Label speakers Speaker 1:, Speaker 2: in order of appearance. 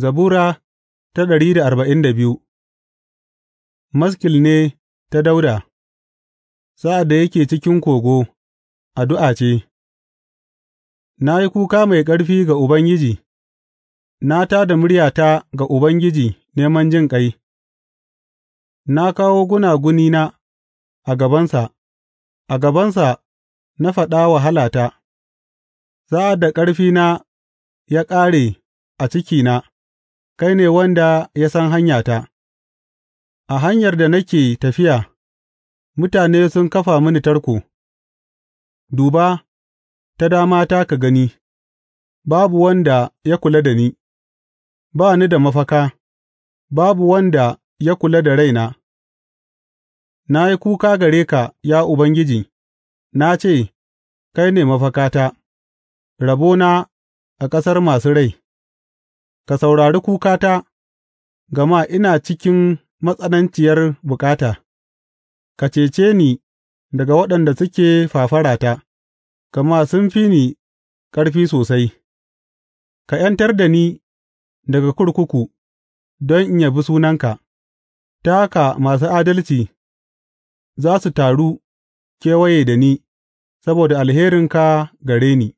Speaker 1: Zabura Ta ɗari da arba'in da biyu Maskil ne ta Dauda. Sa'ad da yake cikin kogo, addu'a ce, Na yi kuka mai ƙarfi ga Ubangiji, na tā da muryata ga Ubangiji neman jin ƙai. na kawo gunagunina a gabansa, a gabansa na faɗa wahalata, sa'ad da ƙarfina ya ƙare a cikina. Kai ne wanda ya san hanyata; a hanyar da nake tafiya, mutane sun kafa mini tarko, Duba ta damata ka gani, babu wanda ya kula da ni; ba ni da mafaka, babu wanda ya kula da raina; na yi kuka gare ka, ya Ubangiji, na ce, Kai ne mafakata, rabona a ƙasar masu rai. Ka saurari kukata, gama ina cikin matsananciyar bukata; ka cece ni daga waɗanda suke fafarata, gama sun fi ni ƙarfi sosai; ka ’yantar da ni daga kurkuku, don in yabi sunanka, ta haka masu adalci za su taru kewaye da ni saboda alherinka gare ni.